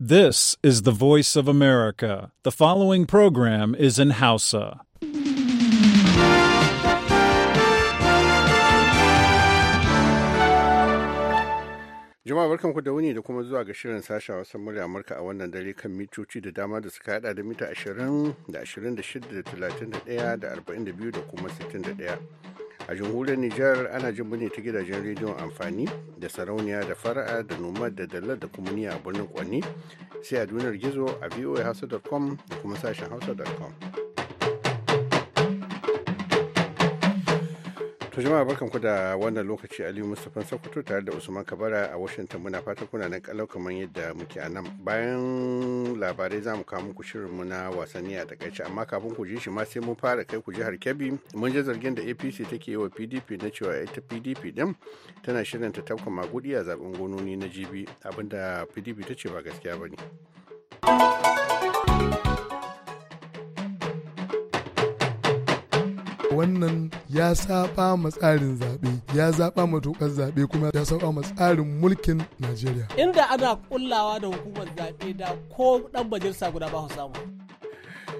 This is the voice of America. The following program is in Hausa. Jama'a barkanku da wuni da kuma zuwa ga shirin sashen wasan murya Amurka a wannan dare kan mitoci da dama da suka hada da mita 20 da 26 da 31 da 42 da kuma 61. a jamhuriyar nijar ana jin bune ta gidajen rediyon amfani da sarauniya da fara'a da noma da dalar da kuma niya a birnin kwanni sai a duniyar gizo a voahausa.com da kuma sashen hausa.com To jama'a barkanku da wannan lokaci Aliyu Mustapha Sokoto tare da Usman Kabara a Washington muna fata kuna nan kalau kamar yadda muke a nan. Bayan labarai za mu kawo muku mu na wasanni a takaice amma kafin ku ji shi ma sai mu fara kai ku jihar Kebbi mun ji zargin da APC take yi wa PDP na cewa ita PDP din tana shirin ta tafka magudi a zaben gononi na GB abinda PDP ta ce ba gaskiya ba ne. wannan ya saba ma tsarin zaɓe ya zaba ma tokar zaɓe kuma ya saba ma tsarin mulkin najeriya inda ana kullawa da hukumar zaɓe da ko ɗan bajirsa guda ba su samu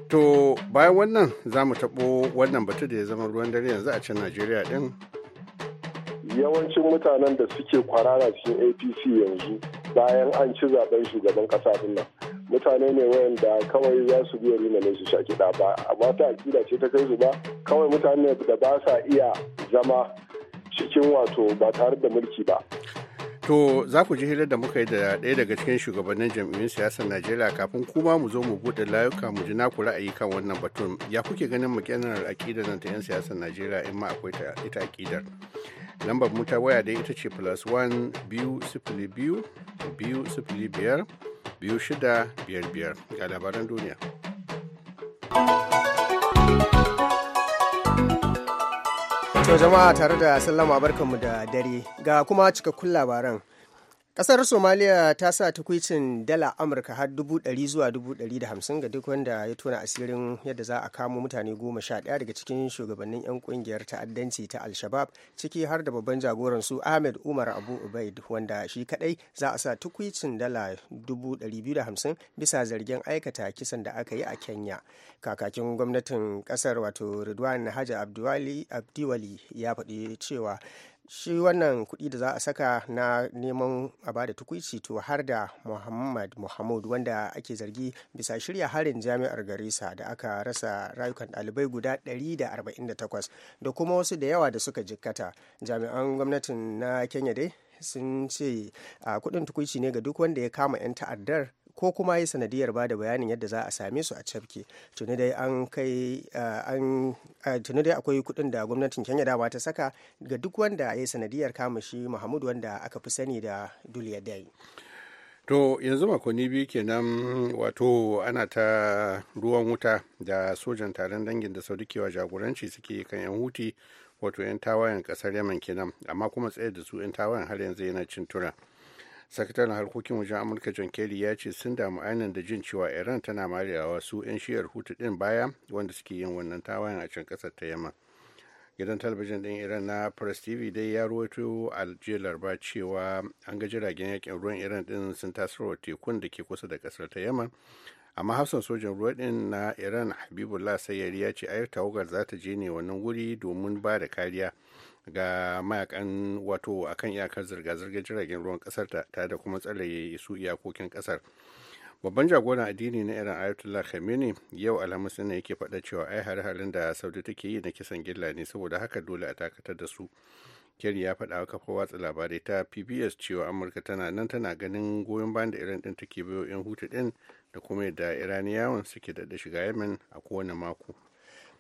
to bayan wannan za mu taɓo wannan batu da ya zama ruwan dare yanzu a can najeriya ɗin yawancin mutanen da suke kwarara cikin apc yanzu bayan an ci zaben shugaban ƙasa din nan mutane ne wayanda kawai za su biya rina ne su sha kiɗa ba amma ta akida ce ta kai su ba kawai mutane da ba sa iya zama cikin wato ba tare da mulki ba To za ku ji hirar da muka yi da ɗaya daga cikin shugabannin jam'iyyun siyasar Najeriya kafin kuma mu zo mu buɗe layuka mu ji naku ra'ayi kan wannan batun. Ya kuke ganin maganar aƙidar nan ta 'yan siyasar Najeriya in ma akwai ita aƙidar. Lambar mu waya dai ita ce plus one biyu sifili biyu biyu sifili biyar biyu shida ga labaran duniya. To jama'a tare da sallama barkanmu da dare ga kuma cikakkun labaran. Kasar Somaliya ta sa takwicin dala Amurka har dubu ɗari zuwa dubu ɗari da hamsin ga duk wanda ya tona asirin yadda za a kamo mutane goma sha ɗaya daga cikin shugabannin 'yan kungiyar ta'addanci ta al ciki har da babban jagoran su Ahmed Umar Abu Ubaid wanda shi kaɗai za a sa takwicin dala dubu ɗari biyu da hamsin bisa zargin aikata kisan da aka yi a Kenya. Kakakin gwamnatin kasar wato Ridwan Haja Abdiwali ya faɗi cewa shi wannan kuɗi da za a saka na neman a bada tukuici to har da muhammad muhammad wanda ake zargi bisa shirya harin jami'ar garisa da aka rasa rayukan ɗalibai guda 148 da kuma wasu da yawa da suka jikkata jami'an gwamnatin na kenya dai sun ce a kudin tukuici ne ga duk wanda ya kama 'yan ta'addar ko kuma yi sanadiyar ba da bayanin yadda za a same su a cafke tuni dai akwai kuɗin da gwamnatin kenya dama ta saka ga duk wanda ya yi sanadiyar kama shi muhammadu wanda aka fi sani da duliya dai to yanzu makonni biyu kenan wato ana ta ruwan wuta da sojan taron dangin da saudi jagoranci suke kan yan huti wato yan tawayen kasar yaman kenan amma kuma tsaye da su yan tawayen har yanzu yana cin tura sakataren harkokin wajen amurka john kerry ya ce sun damu ainihin da jin cewa iran tana marewa wasu 'yan shiyar hutu din baya wanda suke yin wannan tawayan a can kasar ta yamma gidan talabijin din iran na press tv dai ya ruwaito alje larba cewa an ga jiragen yakin ruwan iran din sun tasirwa tekun da ke kusa da kasar ta yamma amma hafsan sojan ruwa din na iran habibullah lasayyar ya ce ayar tawagar za ta je ne wannan wuri domin ba da kariya ga mayakan wato akan iyakar zirga-zirgar jiragen ruwan kasar ta da kuma tsare su iyakokin kasar babban jagoran addini na iran ayatollah khamenei yau alhamis ne yake faɗa cewa ai har halin da saudi take yi na kisan gilla ne saboda haka dole a dakatar da su kerry ya faɗa kafa watsa labarai ta pbs cewa amurka tana nan tana ganin goyon bayan da iran ɗin take biyo yan hutu ɗin da kuma yadda iraniyawan suke daɗa shiga yamen a kowane mako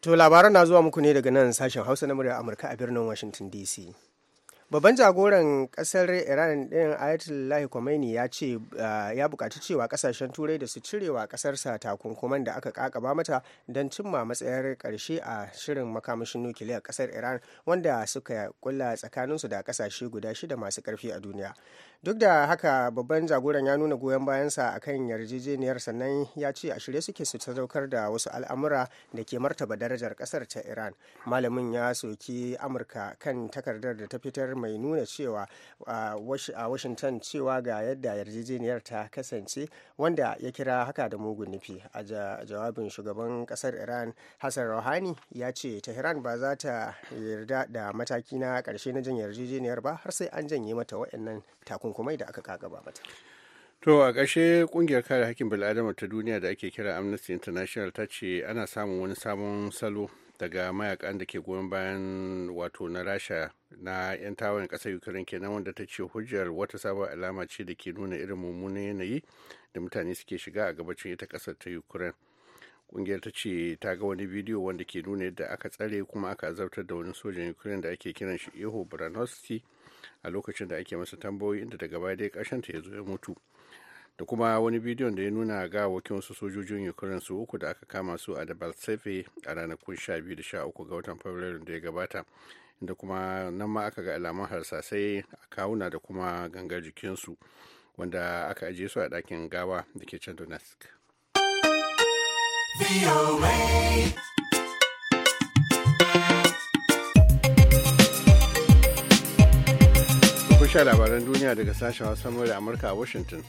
To labaran na zuwa muku ne daga nan sashen Hausa na murya Amurka a birnin Washington DC. babban jagoran kasar iran din ayatollah khomeini ya ce ah, ya bukaci cewa kasashen turai da su cirewa kasarsa takunkuman da aka kakaba mata don cimma matsayar karshe a shirin makamashin nukiliyar kasar iran wanda suka kulla tsakaninsu da kasashe guda shida masu karfi a duniya duk da haka babban jagoran ya nuna goyon bayansa a kan yarjejeniyar sannan ya ce a shirye suke su sadaukar da wasu al'amura da ke martaba darajar kasar ta iran malamin ya soki amurka kan takardar da ta fitar mai nuna cewa a washington cewa ga yadda yarjejeniyar ta kasance wanda ya kira haka da mugun nufi a jawabin shugaban kasar iran hassan rouhani ya ce tehran ba za ta yarda da mataki na karshe na jan yarjejeniyar ba har sai an janye mata waɗannan takunkumai da aka kagaba mata To a ƙarshe ƙungiyar kare hakkin bil'adama ta duniya da ake kira Amnesty International ta ce ana samun wani sabon salo daga mayakan da ke goyon bayan wato na rasha na 'yan tawayen kasar ukraine kenan wanda ta ce hujjar wata sabon alama ce da ke nuna irin mummunan yanayi da mutane suke shiga a gabacin ita kasar ta ukraine kungiyar ta ce ta ga wani bidiyo wanda ke nuna yadda aka tsare kuma aka azabtar da wani sojan ukraine da ake kiran shi eho branosti a lokacin da ake masa tambayoyi inda daga baya dai ƙarshen ta ya zo ya mutu da kuma wani bidiyon da ya nuna ga wakil wasu sojojin ukraine su uku da aka kama su a dabaltsefe a ranakun biyu da 13 ga watan fabrairu da ya gabata da kuma nan ma aka ga alamun harsasai a kawuna da kuma gangar jikinsu wanda aka ajiye su a dakin gawa da ke can donetsk sha labaran duniya daga sashen da amurka a washington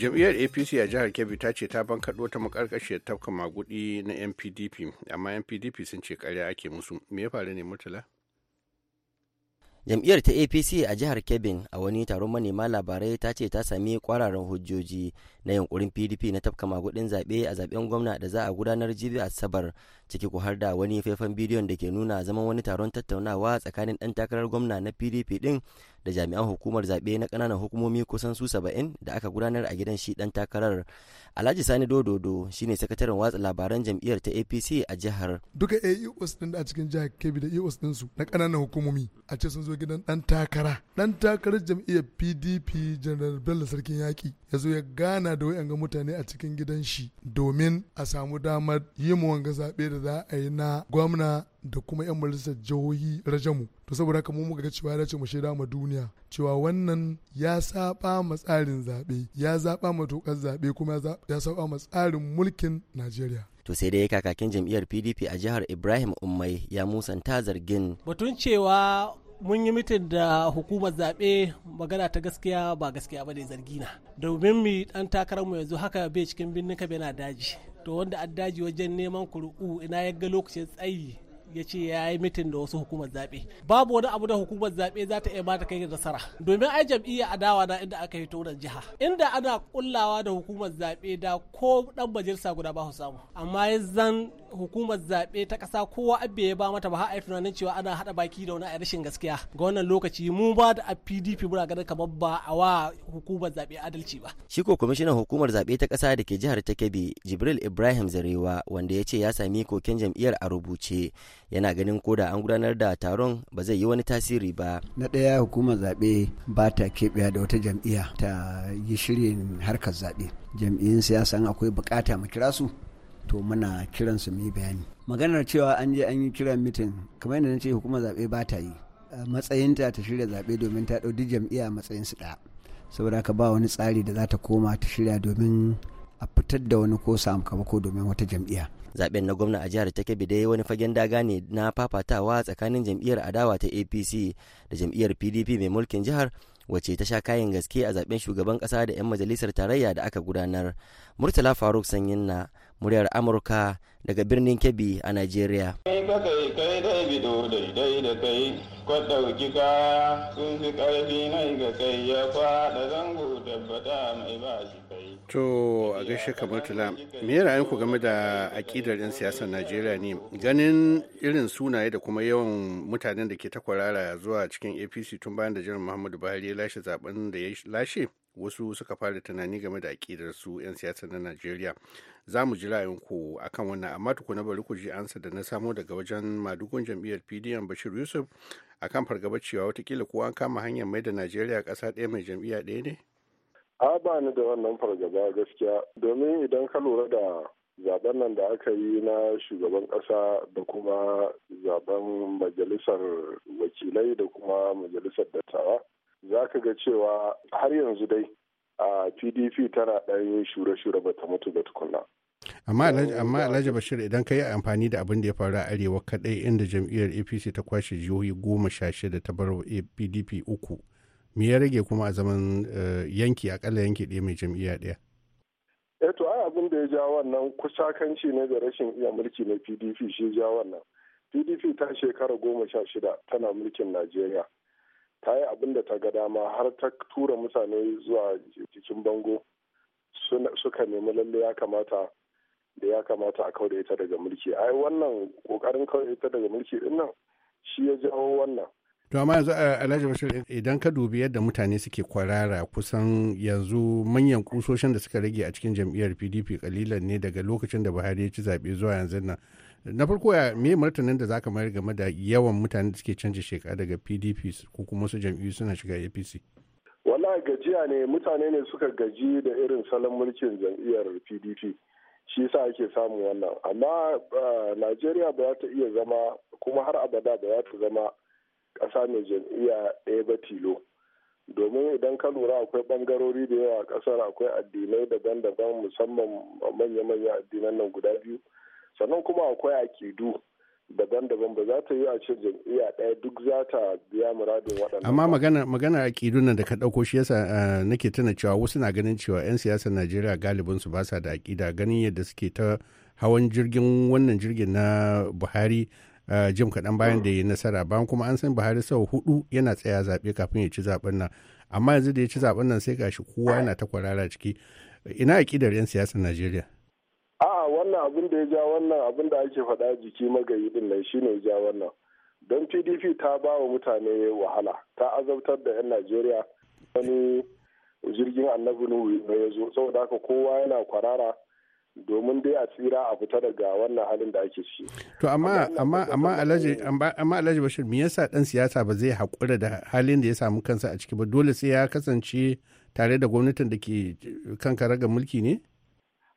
jam'iyyar apc a jihar kebbi ta ce ta bankaɗo ta makarkashiyar tafka magudi na npdp amma npdp sun ce karya ake musu me ya faru ne murtala jam'iyyar ta apc a jihar kebbi a wani taron manema labarai ta ce ta sami kwararan hujjoji na yunkurin pdp na tafka magudin zaɓe a zaɓen gwamna da za a gudanar jibi a asabar ciki ku har da wani faifan bidiyon da ke nuna zaman wani taron tattaunawa tsakanin ɗan takarar gwamna na pdp ɗin da jami'an hukumar zaɓe na ƙananan hukumomi kusan su saba'in da aka gudanar a gidan shi ɗan takarar alhaji sani dododo shine sakataren watsa labaran jam'iyyar ta apc a jihar duka eos ɗin da a cikin jihar kebbi da eos ɗin su na ƙananan hukumomi a ce sun zo gidan ɗan takara ɗan takarar jam'iyyar pdp janar bello sarkin yaƙi ya zo ya gana da wayan mutane a cikin gidan shi domin a samu damar yin wanga zaɓe da za a yi na gwamna da kuma 'yan majalisar jihohi rajamu to saboda haka mu muka ga cewa ya dace mu shaida ma duniya cewa wannan ya saba ma tsarin zaɓe ya zaɓa ma tokar zaɓe kuma ya saba ma tsarin mulkin najeriya to sai dai kakakin jam'iyyar pdp a jihar ibrahim ummai ya musanta zargin batun cewa mun yi mitin da hukumar zaɓe magana ta gaskiya ba gaskiya ba ne zargina domin mi ɗan takararmu yanzu haka bai cikin birnin kabe na daji to wanda an daji wajen neman kuri'u ina ya ga lokacin tsayi ya ce ya yi mitin da wasu hukumar zaɓe babu wani abu da hukumar zaɓe za ta iya ba ta kai nasara domin ai jam'iyya a dawa na inda aka yi tonar jiha inda ana kullawa da hukumar zaɓe da ko ɗan majalisa guda ba su samu amma ya zan hukumar zaɓe ta ƙasa kowa abbe ya ba mata ba har tunanin cewa ana haɗa baki da wani a rashin gaskiya ga wannan lokaci mu ba da a pdp muna ganin kamar ba a wa hukumar zaɓe adalci ba. shi ko kwamishinan hukumar zaɓe ta ƙasa da ke jihar ta kebbi jibril ibrahim zarewa wanda ya ce ya sami kokin jam'iyyar a rubuce yana ganin ko da an gudanar da taron ba zai yi wani tasiri ba. na ɗaya hukumar zaɓe ba ta keɓewa da wata jam'iyya ta yi shirin harkar zaɓe jam'iyyun siyasa akwai bukata mu kira su to muna kiran su mu bayani maganar cewa an je an yi kiran mitin kamar yadda na ce hukumar zaɓe ba ta yi matsayinta ta shirya zaɓe domin ta ɗau jam'iyya a matsayin su ɗaya saboda haka ba wani tsari da za ta koma ta shirya domin a fitar da wani ko ko domin wata jam'iyya. zaɓen na gwamna a jihar ta kebe dai wani fagen daga ne na fafatawa tsakanin jam'iyyar adawa ta apc da jam'iyyar pdp mai mulkin jihar wace ta sha kayan gaske a zaɓen shugaban kasa da 'yan majalisar tarayya da aka gudanar murtala faruk sanyin na muryar amurka daga birnin kebbi a nigeria to a gaishe kamar tula me ra'ayin ku game da aƙidar 'yan siyasar najeriya ne ganin irin sunaye da kuma yawan mutanen da ke takwarara zuwa cikin apc tun bayan da jiran muhammadu buhari ya lashe zaben da ya lashe wasu suka fara tunani game da aƙidar su 'yan siyasa na najeriya za mu ji ra'ayin ku akan wannan amma tukuna bari ku ji ansa da na samo daga wajen madugun jam'iyyar pdm bashir yusuf akan fargaba cewa watakila ko an kama hanyar mai da najeriya ƙasa ɗaya mai jam'iyya ɗaya ne a ba ni da wannan fargaba gaskiya domin idan ka lura da zaben nan da aka yi na shugaban ƙasa da kuma zaben majalisar wakilai da kuma majalisar dattawa za ka ga cewa har yanzu dai a pdp tana ɗan shure-shure ba ta mutu ba tukunna. amma alhaji bashir idan ka yi amfani da abin da ya faru a arewa kaɗai inda jam'iyyar apc ta kwashe jihohi goma sha shida ta bar pdp uku me ya rage kuma a zaman eh, yanki akalla yanki ɗaya mai jam'iyya ɗaya eh to ai abin da ya ja wannan kusakanci ne da rashin iya mulki na pdp shi ja wannan pdp ta shekara goma sha shida tana mulkin najeriya ta yi abin da ta ga dama har ta tura mutane zuwa jikin bango suka nemi lalle ya kamata da ya kamata a kawai ita daga mulki ai wannan kokarin kawai ita daga mulki din nan shi ya jawo wannan to amma yanzu eh, alhaji bashir idan ka dubi yadda mutane suke kwarara kusan yanzu manyan kusoshin da suka rage a cikin jam'iyyar pdp kalilan ne daga lokacin da buhari ya ci zaɓe zuwa yanzu nan na farko ya me martanin da zaka mayar game da yawan mutane da suke canza shekara daga pdp ko kuma su jam'iyyu suna shiga apc wallahi gajiya ne mutane ne suka gaji da irin salon mulkin jam'iyyar pdp shi yasa ake samun wannan amma najeriya ba za ta iya zama kuma har abada ba za ta zama ƙasa mai jam'iyya ɗaya ba tilo domin idan ka lura akwai ɓangarori da yawa a ƙasar akwai addinai daban-daban musamman manya-manya addinan nan guda biyu sannan kuma akwai akidu daban-daban ba za ta yi a ce jam'iyya ɗaya duk za ta biya muradin waɗannan. Amma magana a aƙidun nan da ka ɗauko shi yasa ah, nake tuna cewa wasu na ganin cewa 'yan siyasar Najeriya galibin su ba sa da aƙida ganin yadda suke ta hawan jirgin wannan jirgin na Buhari ah, jim kaɗan bayan da ya nasara bayan kuma an san Buhari sau hudu yana tsaya zaɓe kafin ya ci zaɓen nan amma yanzu da ya ci zaɓen nan sai gashi kowa yana ta kwarara ciki ina aƙidar 'yan siyasar Najeriya. abin da ya ja wannan abin da ake faɗa jiki magayi din nan shine ne ja wannan don pdp ta ba wa mutane wahala ta azabtar da 'yan najeriya wani jirgin annabi nuhu ya zo saboda haka kowa yana kwarara domin dai a tsira a fita daga wannan halin da ake ciki. To amma amma amma Alhaji amma Alhaji Bashir me yasa dan siyasa ba zai haƙura da halin da ya samu kansa a ciki ba dole sai ya kasance tare da gwamnatin da ke kan karaga mulki ne?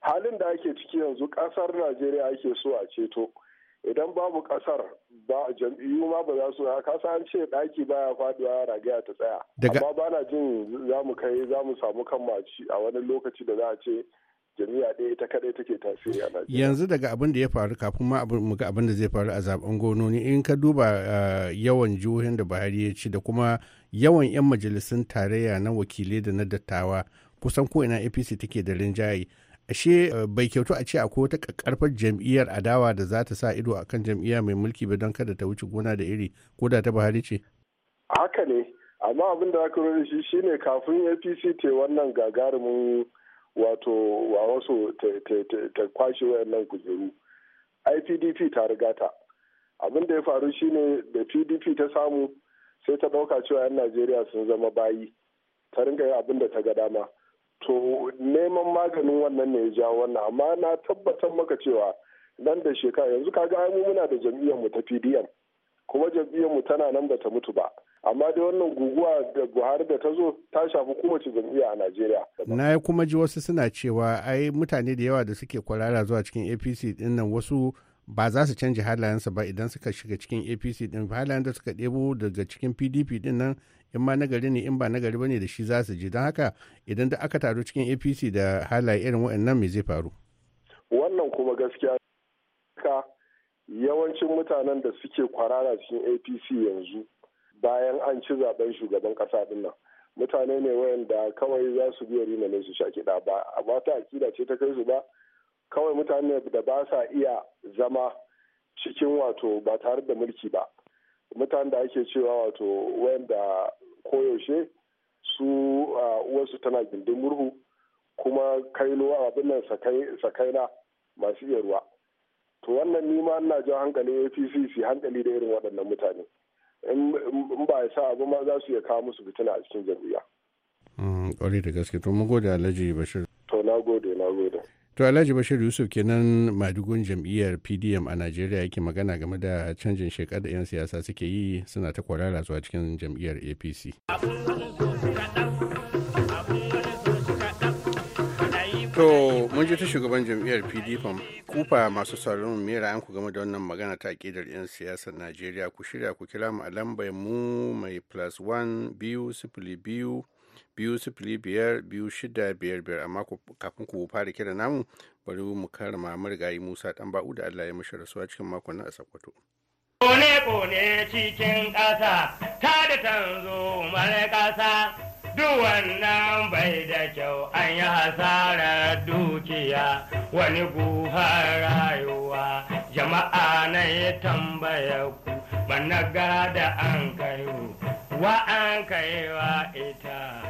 halin da ake ciki yanzu kasar najeriya ake so a ceto idan babu kasar ba jam'iyyu ma ba za su ya kasa an ce daki baya faduwa ragaya ta tsaya amma ba na jin za mu kai za mu samu kan a wani lokaci da za a ce jami'a ɗaya ita kaɗai take tasiri a Najeriya. Yanzu daga abin da ya faru kafin ma mu ga abin da zai faru a zaben gononi in ka duba eh, yawan jihohin da Buhari ya ci da kuma yawan 'yan majalisun tarayya na wakilai da na dattawa kusan ko ina APC take da rinjaye. ashe eh, bai kyautu a ce akwai wata karfar jam'iyyar adawa da za ta sa ido a kan jam'iyya mai mulki ba don kada ta wuce gona da iri ko da ta buhari ce haka ne amma abin da aka rura shi shine kafin apc ta wannan gagarumin wato wa wasu ta kwashe wayannan kujeru ipdp ta riga ta abin da ya faru shine da pdp ta samu sai ta ɗauka cewa 'yan najeriya sun zama bayi ta ringa yin abin da ta ga dama to neman maganin wannan ne ya ja wannan amma na tabbatar maka cewa nan da shekara yanzu kaga mu muna da jam'iyyar mu ta PDM kuma jam'iyyar mu tana nan ta mutu ba amma dai wannan guguwa da buhari da ta zo ta shafi kowace jam'iyya a najeriya na kuma ji wasu suna cewa ai mutane da yawa da suke kwarara zuwa cikin apc dinnan wasu ba za su canji halayensa ba idan suka shiga cikin apc din halayen da suka ɗebo daga cikin pdp din nan in ma nagari ne in ba nagari ba ne da shi za su je don haka idan da aka taru cikin apc da halaye irin waɗannan me zai faru wannan kuma gaskiya ka yawancin mutanen da suke kwarara cikin apc yanzu bayan an ci zaben shugaban kasa din nan mutane ne wayanda kawai za su biya rina ne su sha kiɗa ba amma ta akida ce ta kai su ba kawai mutane da ba sa iya zama cikin wato ba tare da mulki ba mutane da ake cewa wato wanda koyaushe su uwarsu tana gindin murhu kuma kailo abin nan sakaina masu iya ruwa to wannan nima ina jan hankali apc su hankali da irin waɗannan mutane in ba ya sa abu ma za su iya kawo musu fitina a cikin jam'iyya. kwarai mm, da gaske to mu gode alhaji bashir to na gode na gode to alhaji bashir yusuf kenan madugun jam'iyyar pdm a najeriya yake magana game da canjin shekaru da 'yan siyasa suke yi suna ta kwarara zuwa cikin jam'iyyar apc to mun ji ta shugaban jam'iyyar pdp kufa masu sauraron mera an ku game da wannan magana ta ƙidar 'yan siyasar najeriya ku shirya ku kira mu a lambar mu mai plus one biyu sifili biyu biyu sifili biyar biyu shida biyar biyar amma kafin ku fara kira namu bari mu karama marigayi musa dan ba'u da allah ya mashi rasuwa cikin makon a sakwato. kone-kone cikin ƙasa ta da tanzo mara ƙasa duk wannan bai da kyau an yi hasarar dukiya wani buha rayuwa jama'a na ya tambaya ku ga da an kai wa an kai wa ita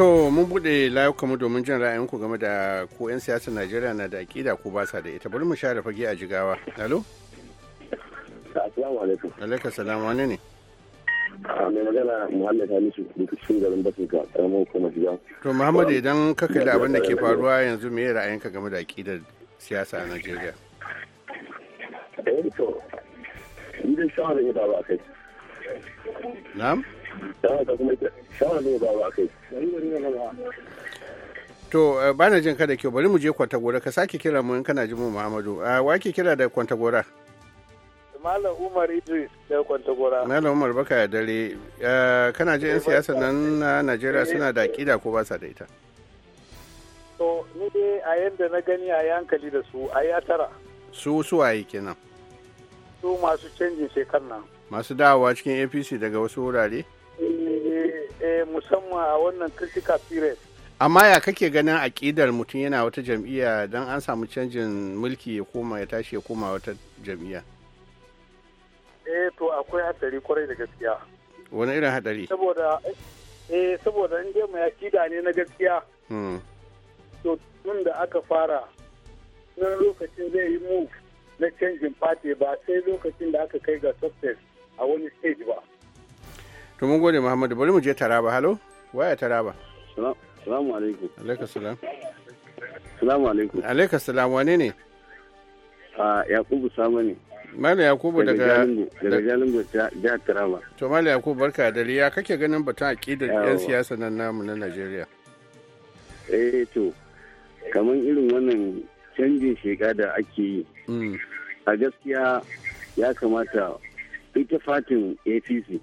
To mun bude buɗe layukanmu domin jin ra'ayinku game da ko 'yan siyasar Najeriya na da aƙida ko ba sa da ita. Bari mu share fage a jigawa. alo Assalamu alaikum. salam wani ne? Ah, mai magana Muhammad Hamisu da cikin garin Bafirka, ƙaramin hukumar shiga. To Muhammad idan ka kalli abin da ke faruwa yanzu me ra'ayinka game da aƙidar siyasa a Najeriya? Eh to, ni dai shawara ne ba ba kai. na'am to eh, bana jin kada kyau bari mu je kwantagora ka sake kira mu in kana jin mu muhammadu ah, wa ke kira da kwantagora Malam Umar Idris da Kwantagora. Malam Umar baka ya dare. Eh, kana ji 'yan siyasa nan na Najeriya suna da aƙida ko ba sa da ita? To, ni dai a yadda na gani a yankali da su a yatara. atara. Su suwaye kenan. Su masu canjin shekar nan. masu dawowa cikin apc daga wasu wurare eh, eh, musamman a wannan critical period amma ya kake ganin aƙidar mutum yana wata jam'iyya don an samu canjin mulki ya koma ya tashi ya koma wata jam'iyya eh to akwai hatsari kwarai da gaskiya wani irin hatsari saboda eh saboda in dai mai aƙida ne na gaskiya hmm. to tun da aka fara nan lokacin zai yi mu na canjin fati ba sai lokacin da aka kai ga success a wani stage ba to mun gode muhammadu bari mu je taraba halo waya taraba salamu alaikum alaikum salam salamu alaikum alaikum salam wane ne a yakubu sama ne Mali Yakubu daga daga Jalingo jihar Taraba. To Mali Yakubu barka da riya kake ganin batun aƙidar 'yan siyasa nan namu na Najeriya. Eh to kamar irin wannan canjin sheka da ake yi. Mm. A gaskiya ya kamata ita fatin apc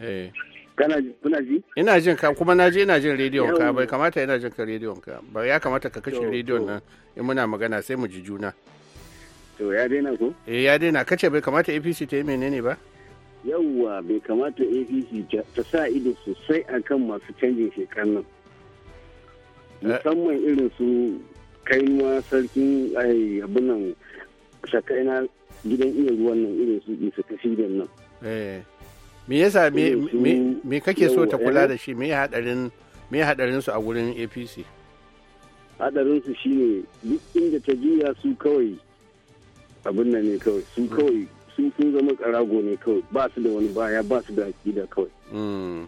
eh. kana kuna ji ina jin ka kuma na ji ina jin rediyon ka bai kamata ina jin ka rediyon ka ba ya kamata ka kashe rediyon nan in muna magana sai mu ji juna to ya daina ko eh ya daina kace bai kamata apc ta yi menene ba yawwa bai kamata apc ta sa ido sosai akan masu canjin shekar nan eh. musamman irin su kainuwa sarkin abin nan shakai na gidan iya ruwan nan irin su isa ta shirin nan. Eh. Me yasa me kake so ta kula da shi me ya hadarin me hadarin su a gurin APC? Hadarin su shine duk inda ta juya su kawai abin nan ne kawai su hmm. kawai su sun zama karago ne kawai ba su da wani baya ba su da akida kawai. Hmm.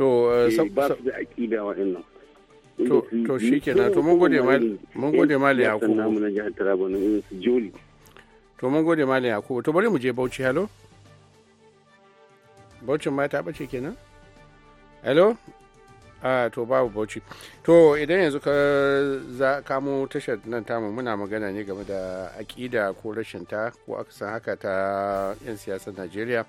To eh, eh, ba su da akida wa'annan. To shi kenan to mun gode mali mun gode mali yakubu. Sannan mu na mun Taraba na irin su Joli. to mun gode malam yakubu to bari mu je bauchi halo bauchin ma ta bace kenan halo a ah, to babu bauchi to idan yanzu ka za kamo tashar nan tamu muna magana ne game da aƙida ko rashin ta ko aka haka ta 'yan siyasar najeriya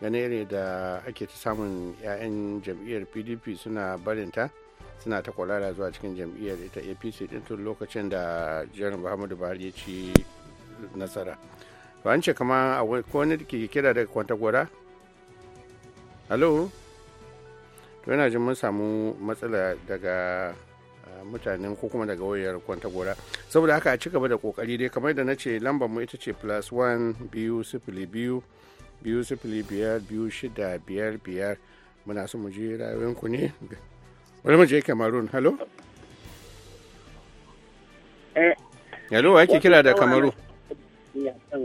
gane irin da ake ta samun 'ya'yan jam'iyyar pdp suna barin ta suna ta kwalara zuwa cikin jam'iyyar ita apc din tun lokacin da jiran muhammadu buhari ya ci nasara to an ce kama ko wani ke kira daga kwantagora halo to yana jin mun samu matsala daga mutanen ko kuma daga wayar gora saboda haka a ci gaba da kokari dai kamar da na ce lambar mu ita ce plus one biyu sifili biyu biyu sifili biyar biyu shida biyar biyar muna su mu rayuwar ku ne wani mu je kamarun halo eh. wa yake kira da kamaru kan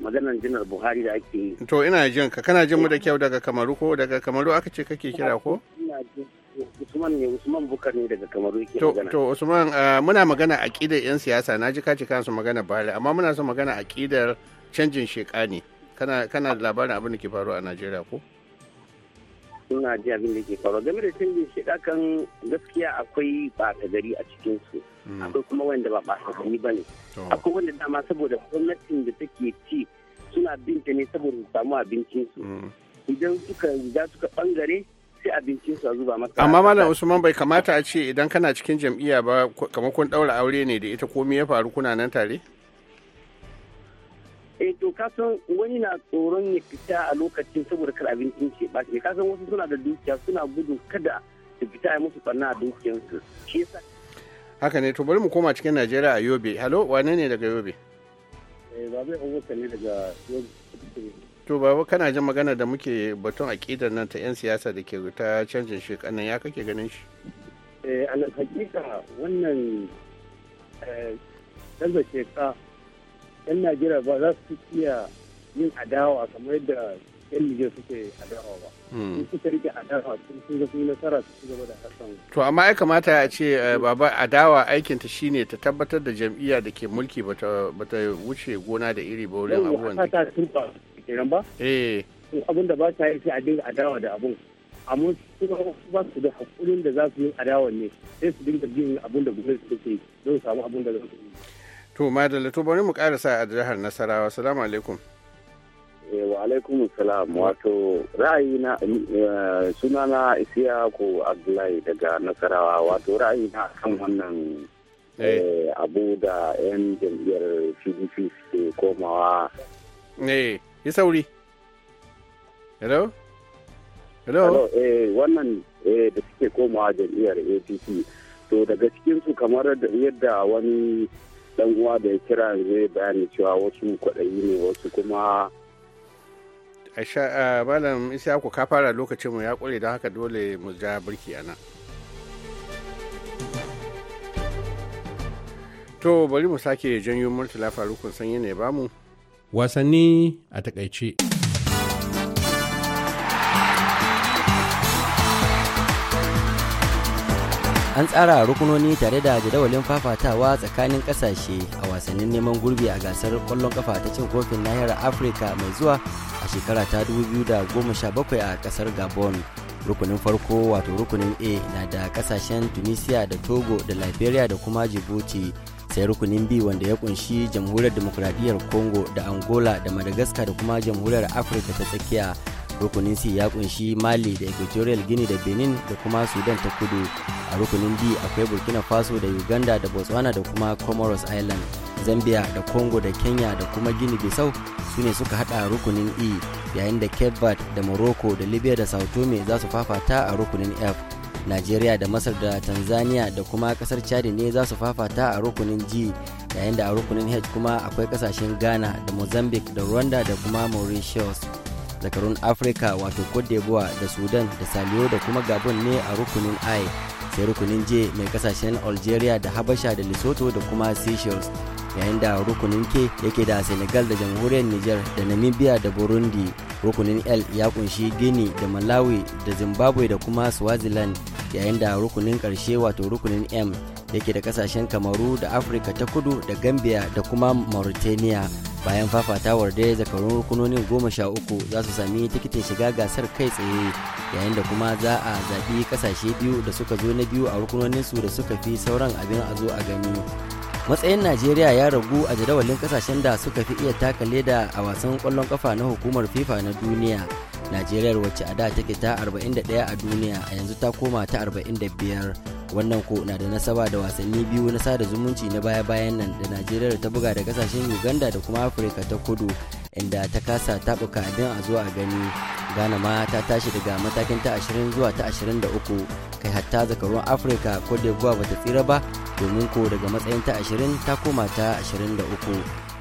maganar buhari da ake to ina jin ka kana jin mu da kyau daga kamaru ko daga kamaru aka ce kake kira ko Usman ne Usman Bukar ne daga Kamaru magana. To Usman muna magana aqidar yan siyasa na ji kace kansu magana bale amma muna son magana aqidar canjin sheka ne. Kana kana labarin abin da ke faru a Najeriya ko? suna ji abin da ke faruwa game da canjin shida kan gaskiya akwai ɓata gari a cikinsu hmm. akwai kuma wanda ba ɓata gari ba ne akwai wanda dama saboda gwamnatin da take ci suna binta ne saboda su samu abincinsu hmm. idan suka riga suka bangare sai abincin su a zuba masa amma malam usman bai kamata a ce idan kana cikin jam'iyya ba kamar kun daura aure ne da ita komai ya faru kuna nan tare eh to ka san wani na tsoron ya fita a lokacin saboda kar abincin ce ba ka san wasu suna da dukiya suna gudun kada su fita ya musu barna a dukiyarsu shi yasa haka ne to bari mu koma cikin Najeriya a Yobe hello wane ne daga Yobe eh babu Abubakar ne daga Yobe to babu kana jin magana da muke batun aqidar nan ta 'yan siyasa da ke ta canjin shekanan ya kake ganin shi eh a hakika wannan eh, canza shekara 'yan najeriya ba za su iya yin adawa kamar yadda 'yan nijar suke adawa ba in hmm. suka rike adawa sun ga sun nasara su ci gaba da hassan to amma ya kamata a ce eh, baba adawa aikinta shine ta tabbatar da jam'iyya da ke mulki bata wuce gona da iri ba wurin abubuwan da ta turba kenan ba eh abin da ba ta yi sai a dinga adawa da abun amma su ba su da hakurin da za su yi adawa ne sai su dinga bin abun da gwamnati take don su samu abun da za su yi to madalla to bari mu karasa a jihar nasarawa Salamu alaikum eh, wa alaikum salam wato ra'ayina eh, sunana isiya ko abdullahi daga nasarawa wato ra'ayina kan wannan eh. abu da 'yan jam'iyyar pdp suke komawa eh yi sauri hello hello eh wannan eh da suke komawa jam'iyyar apc to daga cikinsu kamar yadda wani dan uwa da ya kira zai bayani cewa wasu kwaɗayi ne wasu kuma Aisha eh, Malam Isiyaku ka fara lokacin mu ya kure don haka dole mu ja birki ana. To bari mu sake janyo Murtala Farukun sanyi ne bamu. Wasanni a takaice. an tsara rukunoni tare da jadawalin fafatawa tsakanin kasashe a wasannin neman gurbi a gasar kwallon kafa ta cin kofin nahiyar afirka mai zuwa a shekara ta 2017 a kasar gabon rukunin farko wato rukunin a na da kasashen tunisia da togo da liberia da kuma djibouti sai rukunin b wanda ya kunshi jamhuriyar demokradiyyar congo da angola da madagascar da kuma jamhuriyar afirka ta tsakiya rukunin c ya kunshi mali da equatorial gini da benin da kuma sudan ta kudu a rukunin d akwai burkina faso da uganda da botswana da kuma comoros island zambia da congo da kenya da kuma gini bissau su ne suka hada rukunin e yayin da cape verde da morocco da libya da sao tome za su fafata a rukunin f nigeria da masar da tanzania da kuma kasar chad ne za su fafata a rukunin g yayin da a rukunin h kuma akwai kasashen ghana da mozambique da rwanda da kuma mauritius zakarun afirka wato cote d'ivoire da sudan da saliyo da kuma gabon ne a rukunin i sai rukunin j mai kasashen algeria da habasha da lesotho da kuma seychelles yayin da rukunin k yake da senegal da jamhuriyar niger da namibia da burundi rukunin l ya kunshi guinea da malawi da zimbabwe da kuma swaziland yayin da rukunin karshe wato rukunin m yake da kasashen kamaru da afirka ta kudu da gambia da kuma mauritania bayan fafatawar dai zakarun rukunonin goma sha uku za su sami tikitin shiga gasar kai tsaye yayin da kuma za a zaɓi ƙasashe biyu da suka zo na biyu a rukunoninsu da suka fi sauran abin a zo a gani matsayin najeriya ya ragu a jadawalin kasashen da suka fi iya taka leda a wasan kwallon ƙafa na hukumar fifa na duniya najeriya wacce a da take ta 41 a duniya a yanzu ta koma ta 45 wannan ko na da nasaba da wasanni biyu na sada zumunci na baya-bayan nan da najeriya da ta buga da kasashen uganda da kuma afirka ta kudu inda ta kasa tabuka abin a zuwa gani ghana ma ta tashi daga matakin ta 20 zuwa ta 23 kai hatta zakarun afirka ko da ba ta tsira ba domin ko daga matsayin ta 20 ta koma ta 23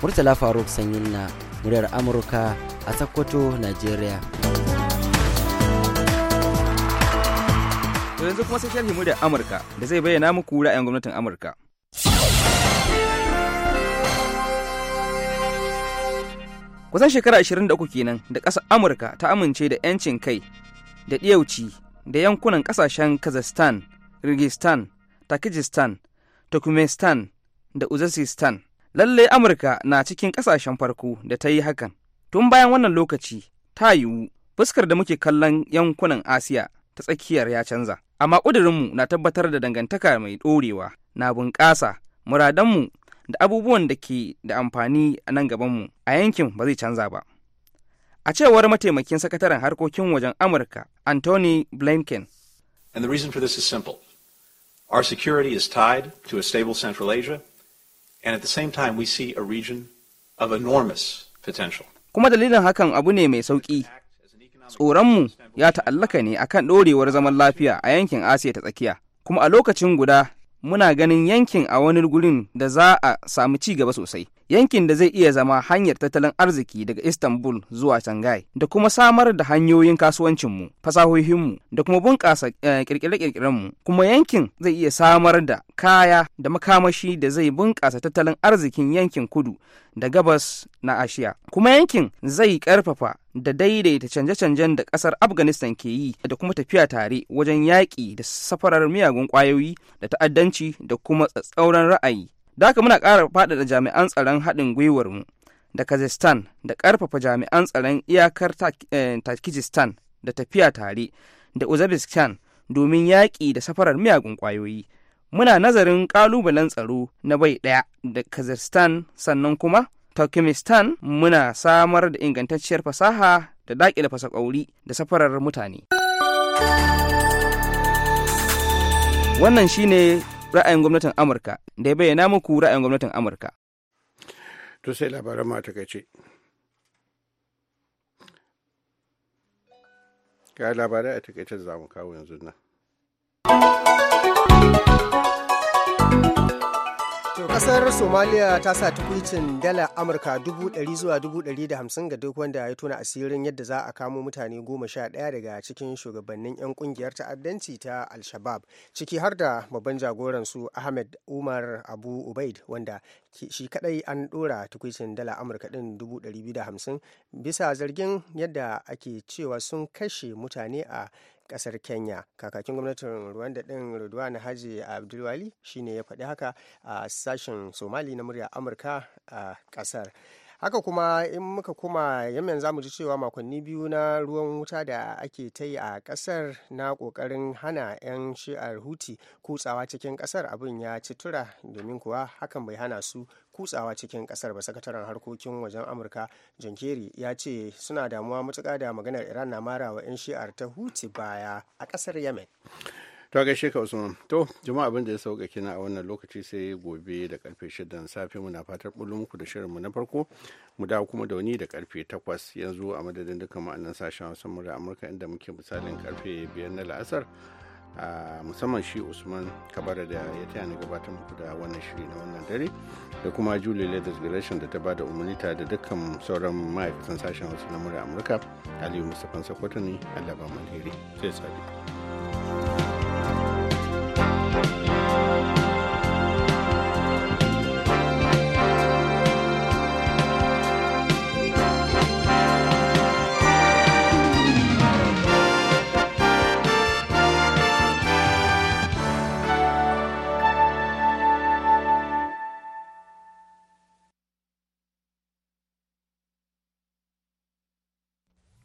murtala faruk sanyin na muryar amurka a sokoto nigeria To yanzu kuma sai sharhi muryar Amurka da zai bayyana muku ra'ayin gwamnatin Amurka. Kusan shekara 23 kenan da ƙasar Amurka ta amince da 'yancin kai da ɗiyauci da yankunan ƙasashen Kazakhstan, Kyrgyzstan, Tajikistan, Turkmenistan da Uzbekistan. Lallai Amurka na cikin ƙasashen farko da ta yi hakan. Tun bayan wannan lokaci ta yiwu fuskar da muke kallon yankunan Asiya ta tsakiyar ya canza. amma ƙudurinmu na tabbatar da dangantaka mai ɗorewa na bunƙasa muradanmu da abubuwan da ke da amfani a nan gabanmu a yankin ba zai canza ba a cewar mataimakin sakataren harkokin wajen amurka anthony blinken and the reason for this is simple our security is tied to a stable central asia and at the same time we see a region of enormous potential kuma dalilin hakan abu ne mai sauƙi tsoronmu ya ta'allaka ne akan ɗorewar zaman lafiya a yankin asiya ta tsakiya kuma a lokacin guda muna ganin yankin a wani gurin da za a samu ci gaba sosai yankin da zai iya zama hanyar tattalin arziki daga Istanbul zuwa Shanghai da kuma samar da hanyoyin kasuwancinmu, fasahohinmu da kuma bunƙasa eh, ƙirƙire-ƙirƙirenmu. Kuma yankin zai iya samar da kaya da makamashi da zai bunƙasa tattalin arzikin yankin kudu da gabas na Ashiya. Kuma yankin zai ƙarfafa da daidaita canje-canjen da ƙasar Afghanistan ke yi da kuma tafiya tare wajen yaƙi da safarar miyagun ƙwayoyi da ta'addanci da kuma tsatsauran ra'ayi da haka muna ƙara faɗaɗa jami'an tsaron haɗin gwiwar mu, da kazakhstan da ƙarfafa jami'an tsaron iyakar eh, tajikistan da tafiya tare da uzbekistan domin yaƙi da safarar miyagun ƙwayoyi muna nazarin ƙalubalen tsaro na bai ɗaya da kazakhstan sannan kuma turkmenistan muna samar da ingantacciyar fasaha da daƙile fasakauri da safarar mutane wannan shine ra'ayin gwamnatin amurka da ya bayyana muku ra'ayin gwamnatin amurka to sai labaran ma ta kace ga labarai a takaicen zamu kawo yanzu nan To kasar Somaliya ta sa tukwicin dala Amurka 100 zuwa 150 ga duk wanda ya tona asirin yadda za a kamo mutane goma sha ɗaya daga cikin shugabannin 'yan kungiyar ta'addanci ta al ciki har da babban jagoran su Ahmed Umar Abu Ubaid wanda shi kadai an dora tukwicin dala Amurka ɗin 250 bisa zargin yadda ake cewa sun kashe mutane a kasar kenya kakakin gwamnatin rwanda din rudwan haji abdulwali shi ne ya faɗi haka a sashen somali na murya amurka a kasar haka kuma in muka kuma yamman za mu ji cewa makonni biyu na ruwan wuta da ake ta yi a kasar na kokarin hana 'yan shi'ar huti kutsawa cikin kasar abin ya ci tura domin kuwa hakan bai hana su kutsawa cikin kasar ba sakataren harkokin wajen amurka john kerry ya ce suna damuwa matuƙa da maganar iran na mara 'yan shi'ar ta huti baya a kasar yamen ta gaishe ka usman to jama'a abin da ya sauka kina a wannan lokaci sai gobe da karfe na safe muna fatar bulu muku da mu na farko mu dawo kuma da wani da karfe takwas yanzu a madadin dukkan ma'anan sashen hausa murar amurka inda muke misalin karfe biyar na la'asar a musamman shi usman kabara da ya taya ni gabatar muku da wannan shiri na wannan dare da kuma julie leathers relation da ta bada umarnita da dukkan sauran ma'aikatan sashen wasu na murya amurka aliyu mustapha sakwato ne allah ba alheri sai you